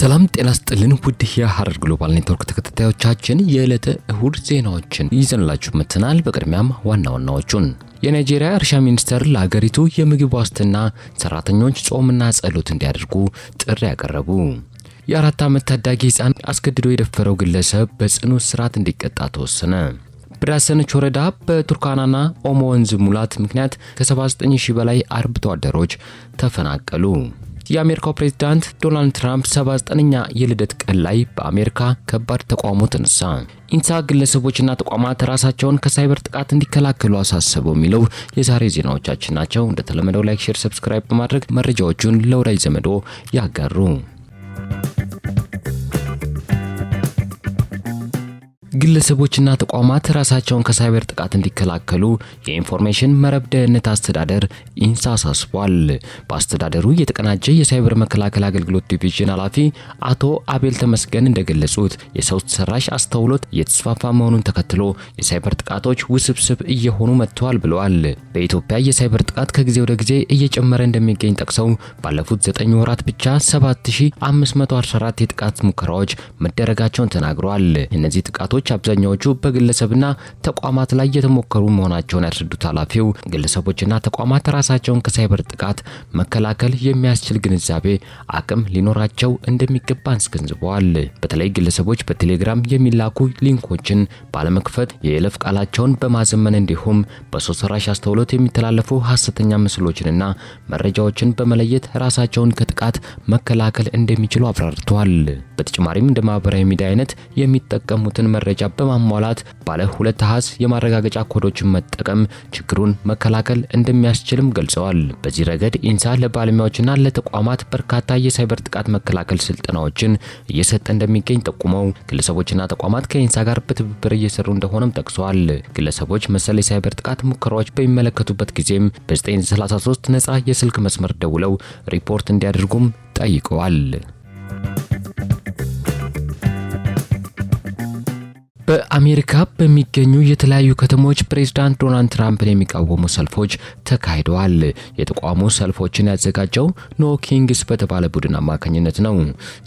ሰላም ጤና ስጥልን ውድ የሐረር ግሎባል ኔትወርክ ተከታታዮቻችን የዕለተ እሁድ ዜናዎችን ይዘንላችሁ መጥተናል። በቅድሚያም ዋና ዋናዎቹን የናይጄሪያ እርሻ ሚኒስቴር ለአገሪቱ የምግብ ዋስትና ሰራተኞች ጾምና ጸሎት እንዲያደርጉ ጥሪ ያቀረቡ፣ የአራት ዓመት ታዳጊ ሕፃን አስገድዶ የደፈረው ግለሰብ በጽኑ እስራት እንዲቀጣ ተወሰነ፣ በዳሰነች ወረዳ በቱርካናና ኦሞ ወንዝ ሙላት ምክንያት ከ79000 በላይ አርብቶ አደሮች ተፈናቀሉ። የአሜሪካው ፕሬዝዳንት ዶናልድ ትራምፕ 79ኛ የልደት ቀን ላይ በአሜሪካ ከባድ ተቃውሞ ተነሳ። ኢንሳ ግለሰቦችና ተቋማት ራሳቸውን ከሳይበር ጥቃት እንዲከላከሉ አሳሰበው የሚለው የዛሬ ዜናዎቻችን ናቸው። እንደተለመደው ላይክ፣ ሼር፣ ሰብስክራይብ በማድረግ መረጃዎቹን ለወዳጅ ዘመዶ ያጋሩ። ግለሰቦችና ተቋማት ራሳቸውን ከሳይበር ጥቃት እንዲከላከሉ የኢንፎርሜሽን መረብ ደህንነት አስተዳደር ኢንሳ አሳስቧል። በአስተዳደሩ የተቀናጀ የሳይበር መከላከል አገልግሎት ዲቪዥን ኃላፊ አቶ አቤል ተመስገን እንደገለጹት የሰው ሰራሽ አስተውሎት እየተስፋፋ መሆኑን ተከትሎ የሳይበር ጥቃቶች ውስብስብ እየሆኑ መጥተዋል ብለዋል። በኢትዮጵያ የሳይበር ጥቃት ከጊዜ ወደ ጊዜ እየጨመረ እንደሚገኝ ጠቅሰው ባለፉት 9 ወራት ብቻ 7514 የጥቃት ሙከራዎች መደረጋቸውን ተናግረዋል። እነዚህ ጥቃቶች አብዛኛዎቹ በግለሰብና ተቋማት ላይ የተሞከሩ መሆናቸውን ያስረዱት ኃላፊው ግለሰቦችና ተቋማት ራሳቸውን ከሳይበር ጥቃት መከላከል የሚያስችል ግንዛቤ አቅም ሊኖራቸው እንደሚገባ አስገንዝበዋል። በተለይ ግለሰቦች በቴሌግራም የሚላኩ ሊንኮችን ባለመክፈት የይለፍ ቃላቸውን በማዘመን እንዲሁም በሰው ሰራሽ አስተውሎት የሚተላለፉ ሀሰተኛ ምስሎችንና መረጃዎችን በመለየት ራሳቸውን ከጥቃት መከላከል እንደሚችሉ አብራርተዋል። በተጨማሪም እንደ ማህበራዊ ሚዲያ አይነት የሚጠቀሙትን መረጃ ማረጋገጫ በማሟላት ባለ ሁለት አሃዝ የማረጋገጫ ኮዶችን መጠቀም ችግሩን መከላከል እንደሚያስችልም ገልጸዋል። በዚህ ረገድ ኢንሳ ለባለሙያዎችና ለተቋማት በርካታ የሳይበር ጥቃት መከላከል ስልጠናዎችን እየሰጠ እንደሚገኝ ጠቁመው ግለሰቦችና ተቋማት ከኢንሳ ጋር በትብብር እየሰሩ እንደሆነም ጠቅሰዋል። ግለሰቦች መሰል የሳይበር ጥቃት ሙከራዎች በሚመለከቱበት ጊዜም በ933 ነጻ የስልክ መስመር ደውለው ሪፖርት እንዲያደርጉም ጠይቀዋል። በአሜሪካ በሚገኙ የተለያዩ ከተሞች ፕሬዝዳንት ዶናልድ ትራምፕን የሚቃወሙ ሰልፎች ተካሂደዋል። የተቃውሞ ሰልፎችን ያዘጋጀው ኖ ኪንግስ በተባለ ቡድን አማካኝነት ነው።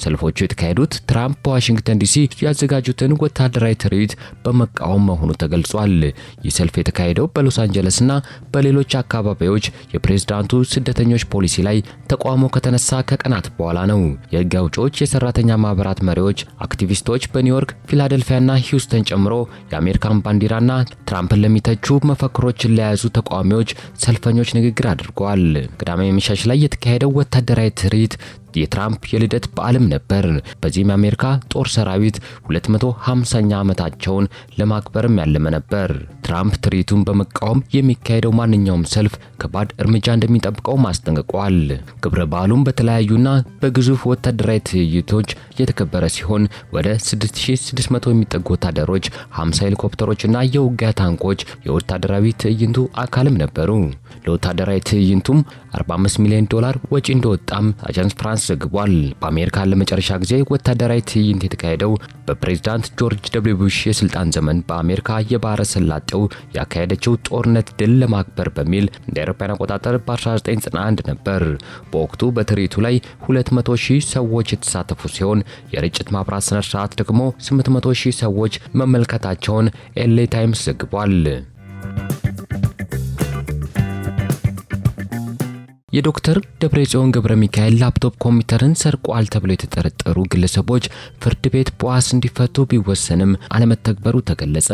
ሰልፎቹ የተካሄዱት ትራምፕ በዋሽንግተን ዲሲ ያዘጋጁትን ወታደራዊ ትርኢት በመቃወም መሆኑ ተገልጿል። ይህ ሰልፍ የተካሄደው በሎስ አንጀለስና በሌሎች አካባቢዎች የፕሬዝዳንቱ ስደተኞች ፖሊሲ ላይ ተቃውሞ ከተነሳ ከቀናት በኋላ ነው። የህግ አውጪዎች፣ የሰራተኛ ማህበራት መሪዎች፣ አክቲቪስቶች በኒውዮርክ ፊላደልፊያና ሂውስተን መንግስትን ጨምሮ የአሜሪካን ባንዲራና ትራምፕን ለሚተቹ መፈክሮች ለያዙ ተቃዋሚዎች፣ ሰልፈኞች ንግግር አድርገዋል። ቅዳሜ ምሽት ላይ የተካሄደው ወታደራዊ ትርኢት የትራምፕ የልደት በዓልም ነበር። በዚህም የአሜሪካ ጦር ሰራዊት 250ኛ ዓመታቸውን ለማክበርም ያለመ ነበር። ትራምፕ ትርኢቱን በመቃወም የሚካሄደው ማንኛውም ሰልፍ ከባድ እርምጃ እንደሚጠብቀው አስጠንቅቋል። ክብረ በዓሉም በተለያዩና በግዙፍ ወታደራዊ ትዕይንቶች የተከበረ ሲሆን ወደ 6600 የሚጠጉ ወታደሮች፣ 50 ሄሊኮፕተሮችና የውጊያ ታንኮች የወታደራዊ ትዕይንቱ አካልም ነበሩ። ለወታደራዊ ትዕይንቱም 45 ሚሊዮን ዶላር ወጪ እንደወጣም አጃንስ ፍራንስ አስዘግቧል። በአሜሪካ ለመጨረሻ ጊዜ ወታደራዊ ትዕይንት የተካሄደው በፕሬዝዳንት ጆርጅ ደብሊው ቡሽ የስልጣን ዘመን በአሜሪካ የባህረ ሰላጤው ያካሄደችው ጦርነት ድል ለማክበር በሚል እንደ አውሮፓውያን አቆጣጠር በ1991 ነበር። በወቅቱ በትርኢቱ ላይ 200 ሺህ ሰዎች የተሳተፉ ሲሆን የርጭት ማብራት ስነ ስርዓት ደግሞ 800 ሺህ ሰዎች መመልከታቸውን ኤልኤ ታይምስ ዘግቧል። የዶክተር ደብረጽዮን ገብረ ሚካኤል ላፕቶፕ ኮምፒውተርን ሰርቋል ተብሎ የተጠረጠሩ ግለሰቦች ፍርድ ቤት በዋስ እንዲፈቱ ቢወሰንም አለመተግበሩ ተገለጸ።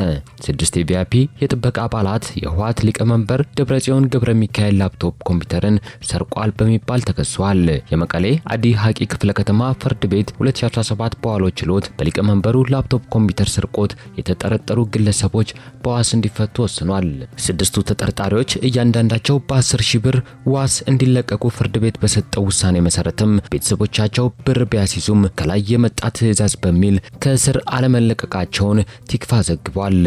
ስድስት የቪአይፒ የጥበቃ አባላት የህወሓት ሊቀመንበር ደብረጽዮን ገብረ ሚካኤል ላፕቶፕ ኮምፒውተርን ሰርቋል በሚባል ተከሷል። የመቀሌ አዲ ሀቂ ክፍለ ከተማ ፍርድ ቤት 2017 በዋለው ችሎት በሊቀመንበሩ ላፕቶፕ ኮምፒውተር ስርቆት የተጠረጠሩ ግለሰቦች በዋስ እንዲፈቱ ወስኗል። ስድስቱ ተጠርጣሪዎች እያንዳንዳቸው በ10 ሺህ ብር ዋስ እንዲ እንዲለቀቁ ፍርድ ቤት በሰጠው ውሳኔ መሰረትም ቤተሰቦቻቸው ብር ቢያስይዙም ከላይ የመጣ ትዕዛዝ በሚል ከእስር አለመለቀቃቸውን ቲክፋ ዘግቧል።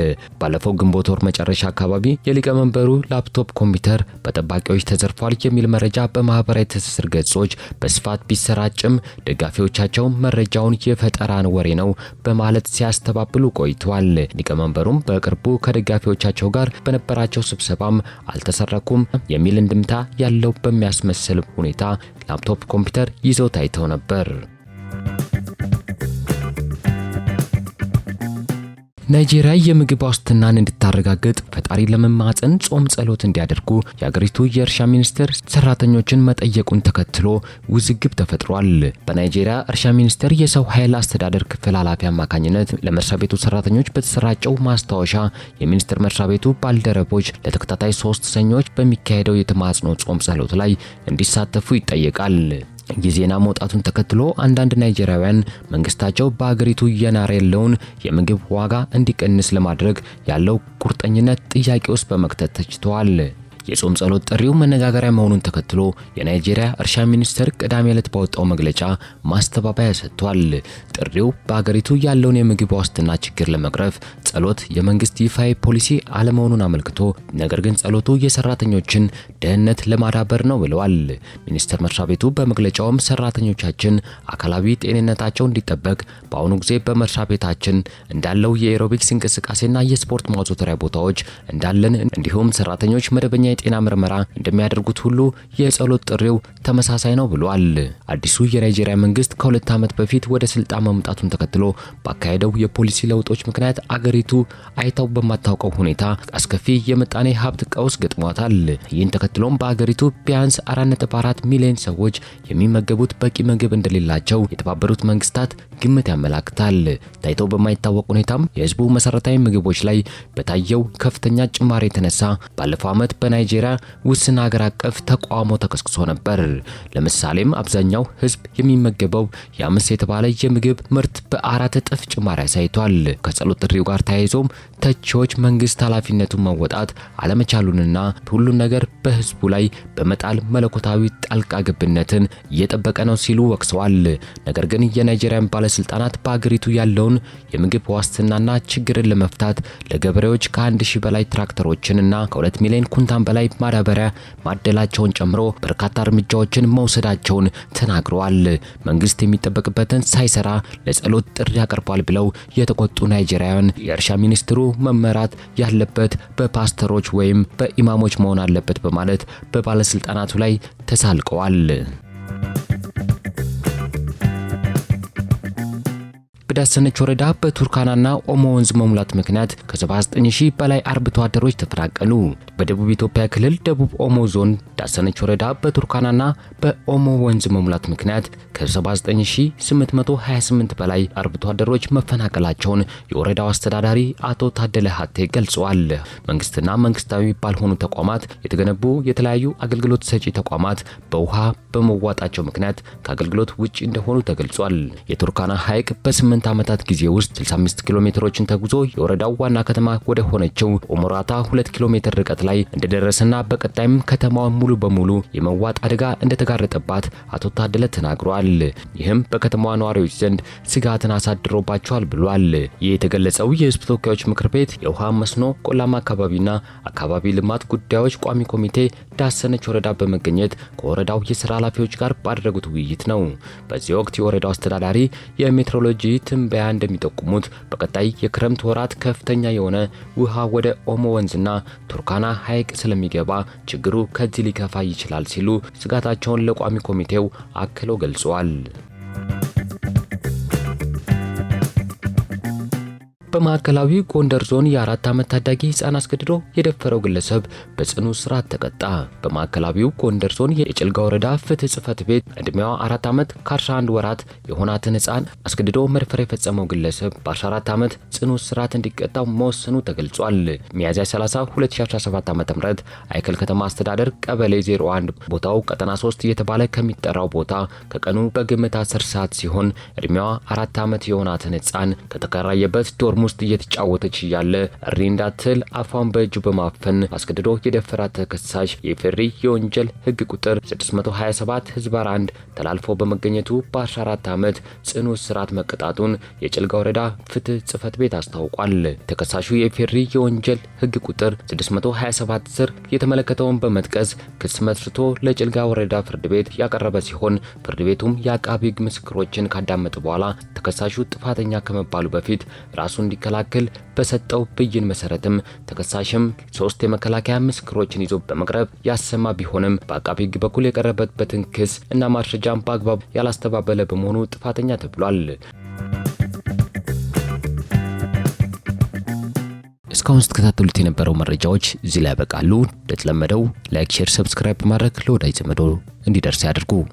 ባለፈው ግንቦት ወር መጨረሻ አካባቢ የሊቀመንበሩ ላፕቶፕ ኮምፒውተር በጠባቂዎች ተዘርፏል የሚል መረጃ በማህበራዊ ትስስር ገጾች በስፋት ቢሰራጭም ደጋፊዎቻቸው መረጃውን የፈጠራን ወሬ ነው በማለት ሲያስተባብሉ ቆይቷል። ሊቀመንበሩም በቅርቡ ከደጋፊዎቻቸው ጋር በነበራቸው ስብሰባም አልተሰረኩም የሚል እንድምታ ያለው በሚያ በሚያስመስል ሁኔታ ላፕቶፕ ኮምፒውተር ይዘው ታይተው ነበር። ናይጄሪያ የምግብ ዋስትናን እንድታረጋግጥ ፈጣሪ ለመማፀን ጾም ጸሎት እንዲያደርጉ የአገሪቱ የእርሻ ሚኒስቴር ሰራተኞችን መጠየቁን ተከትሎ ውዝግብ ተፈጥሯል። በናይጄሪያ እርሻ ሚኒስቴር የሰው ኃይል አስተዳደር ክፍል ኃላፊ አማካኝነት ለመስሪያ ቤቱ ሰራተኞች በተሰራጨው ማስታወሻ የሚኒስቴር መስሪያ ቤቱ ባልደረቦች ለተከታታይ ሶስት ሰኞች በሚካሄደው የተማጽኖ ጾም ጸሎት ላይ እንዲሳተፉ ይጠየቃል። የዜና መውጣቱን ተከትሎ አንዳንድ ናይጄሪያውያን መንግስታቸው በሀገሪቱ እየናረ ያለውን የምግብ ዋጋ እንዲቀንስ ለማድረግ ያለው ቁርጠኝነት ጥያቄ ውስጥ በመክተት ተችተዋል። የጾም ጸሎት ጥሪው መነጋገሪያ መሆኑን ተከትሎ የናይጄሪያ እርሻ ሚኒስቴር ቅዳሜ ዕለት ባወጣው መግለጫ ማስተባበያ ሰጥቷል። ጥሪው በአገሪቱ ያለውን የምግብ ዋስትና ችግር ለመቅረፍ ጸሎት የመንግስት ይፋዊ ፖሊሲ አለመሆኑን አመልክቶ ነገር ግን ጸሎቱ የሰራተኞችን ደህንነት ለማዳበር ነው ብለዋል። ሚኒስቴር መስሪያ ቤቱ በመግለጫውም ሰራተኞቻችን አካላዊ ጤንነታቸው እንዲጠበቅ በአሁኑ ጊዜ በመስሪያ ቤታችን እንዳለው የኤሮቢክስ እንቅስቃሴና የስፖርት ማዘውተሪያ ቦታዎች እንዳለን እንዲሁም ሰራተኞች መደበኛ የጤና ምርመራ እንደሚያደርጉት ሁሉ የጸሎት ጥሪው ተመሳሳይ ነው ብሏል። አዲሱ የናይጄሪያ መንግስት ከሁለት ዓመት በፊት ወደ ስልጣን መምጣቱን ተከትሎ ባካሄደው የፖሊሲ ለውጦች ምክንያት አገሪቱ አይታው በማታውቀው ሁኔታ አስከፊ የምጣኔ ሀብት ቀውስ ገጥሟታል። ይህን ተከትሎም በአገሪቱ ቢያንስ 4.4 ሚሊዮን ሰዎች የሚመገቡት በቂ ምግብ እንደሌላቸው የተባበሩት መንግስታት ግምት ያመላክታል። ታይቶ በማይታወቅ ሁኔታም የህዝቡ መሰረታዊ ምግቦች ላይ በታየው ከፍተኛ ጭማሪ የተነሳ ባለፈው ዓመት በናይ ናይጄሪያ ውስን ሀገር አቀፍ ተቃውሞ ተቀስቅሶ ነበር። ለምሳሌም አብዛኛው ህዝብ የሚመገበው የአምስት የተባለ የምግብ ምርት በአራት እጥፍ ጭማሪ አሳይቷል። ከጸሎት ጥሪው ጋር ተያይዞም ተቺዎች መንግስት ኃላፊነቱን መወጣት አለመቻሉንና ሁሉን ነገር በህዝቡ ላይ በመጣል መለኮታዊ ጣልቃ ገብነትን እየጠበቀ ነው ሲሉ ወቅሰዋል። ነገር ግን የናይጄሪያን ባለስልጣናት በአገሪቱ ያለውን የምግብ ዋስትናና ችግርን ለመፍታት ለገበሬዎች ከአንድ ሺህ በላይ ትራክተሮችንና ከሁለት ሚሊዮን ኩንታን በላይ ማዳበሪያ ማደላቸውን ጨምሮ በርካታ እርምጃዎችን መውሰዳቸውን ተናግረዋል። መንግስት የሚጠበቅበትን ሳይሰራ ለጸሎት ጥሪ ያቀርቧል ብለው የተቆጡ ናይጄሪያውያን የእርሻ ሚኒስትሩ መመራት ያለበት በፓስተሮች ወይም በኢማሞች መሆን አለበት በማለት በባለስልጣናቱ ላይ ተሳልቀዋል። በዳሰነች ወረዳ በቱርካናና ኦሞ ወንዝ መሙላት ምክንያት ከ ሺህ በላይ አርብቶ አደሮች ተፈናቀሉ። በደቡብ ኢትዮጵያ ክልል ደቡብ ኦሞ ዞን ዳሰነች ወረዳ በቱርካናና በኦሞ ወንዝ መሙላት ምክንያት ከ79828 በላይ አርብቶ አደሮች መፈናቀላቸውን የወረዳው አስተዳዳሪ አቶ ታደለ ሀቴ ገልጸዋል። መንግስትና መንግስታዊ ባልሆኑ ተቋማት የተገነቡ የተለያዩ አገልግሎት ሰጪ ተቋማት በውሃ በመዋጣቸው ምክንያት ከአገልግሎት ውጭ እንደሆኑ ተገልጿል። የቱርካና ሐይቅ በስምንት በ8 ዓመታት ጊዜ ውስጥ 65 ኪሎ ሜትሮችን ተጉዞ የወረዳው ዋና ከተማ ወደ ሆነችው ኦሞራታ 2 ኪሎ ሜትር ርቀት ላይ እንደደረሰና በቀጣይም ከተማዋን ሙሉ በሙሉ የመዋጥ አደጋ እንደተጋረጠባት አቶ ታደለ ተናግሯል። ይህም በከተማዋ ነዋሪዎች ዘንድ ስጋትን አሳድሮባቸዋል ብሏል። ይህ የተገለጸው የህዝብ ተወካዮች ምክር ቤት የውሃ መስኖ፣ ቆላማ አካባቢና አካባቢ ልማት ጉዳዮች ቋሚ ኮሚቴ ዳሰነች ወረዳ በመገኘት ከወረዳው የስራ ኃላፊዎች ጋር ባደረጉት ውይይት ነው። በዚህ ወቅት የወረዳው አስተዳዳሪ የሜትሮሎጂ ትንበያ እንደሚጠቁሙት በቀጣይ የክረምት ወራት ከፍተኛ የሆነ ውሃ ወደ ኦሞ ወንዝና ቱርካና ሐይቅ ስለሚገባ ችግሩ ከዚህ ሊከፋ ይችላል ሲሉ ስጋታቸውን ለቋሚ ኮሚቴው አክለው ገልጸዋል። በማዕከላዊ ጎንደር ዞን የአራት ዓመት ታዳጊ ህፃን አስገድዶ የደፈረው ግለሰብ በጽኑ እስራት ተቀጣ። በማዕከላዊው ጎንደር ዞን የጭልጋ ወረዳ ፍትህ ጽፈት ቤት እድሜዋ አራት ዓመት ከ11 ወራት የሆናትን ህፃን አስገድዶ መድፈር የፈጸመው ግለሰብ በ14 ዓመት ጽኑ እስራት እንዲቀጣ መወሰኑ ተገልጿል። ሚያዝያ 30 2017 ዓ ም አይከል ከተማ አስተዳደር ቀበሌ 01 ቦታው ቀጠና 3 እየተባለ ከሚጠራው ቦታ ከቀኑ በግምት 10 ሰዓት ሲሆን እድሜዋ አራት ዓመት የሆናትን ህፃን ከተከራየበት ዶርሞ ጥቅም ውስጥ እየተጫወተች እያለ እሪ እንዳትል አፏን በእጁ በማፈን አስገድዶ የደፈራት ተከሳሽ የፌሪ የወንጀል ሕግ ቁጥር 627 ህዝባር 1 ተላልፎ በመገኘቱ በ14 ዓመት ጽኑ እስራት መቀጣቱን የጭልጋ ወረዳ ፍትህ ጽህፈት ቤት አስታውቋል። ተከሳሹ የፌሪ የወንጀል ሕግ ቁጥር 627 ስር የተመለከተውን በመጥቀስ ክስ መስርቶ ለጭልጋ ወረዳ ፍርድ ቤት ያቀረበ ሲሆን ፍርድ ቤቱም የአቃቢ ህግ ምስክሮችን ካዳመጠ በኋላ ተከሳሹ ጥፋተኛ ከመባሉ በፊት ራሱን እንዲከላከል በሰጠው ብይን መሰረትም ተከሳሽም ሶስት የመከላከያ ምስክሮችን ይዞ በመቅረብ ያሰማ ቢሆንም በአቃቢ ሕግ በኩል የቀረበበትን ክስ እና ማስረጃም በአግባብ ያላስተባበለ በመሆኑ ጥፋተኛ ተብሏል። እስካሁን ስትከታተሉት የነበረው መረጃዎች እዚህ ላይ ያበቃሉ። እንደተለመደው ላይክ፣ ሼር፣ ሰብስክራይብ በማድረግ ለወዳጅ ዘመዶ እንዲደርስ ያድርጉ።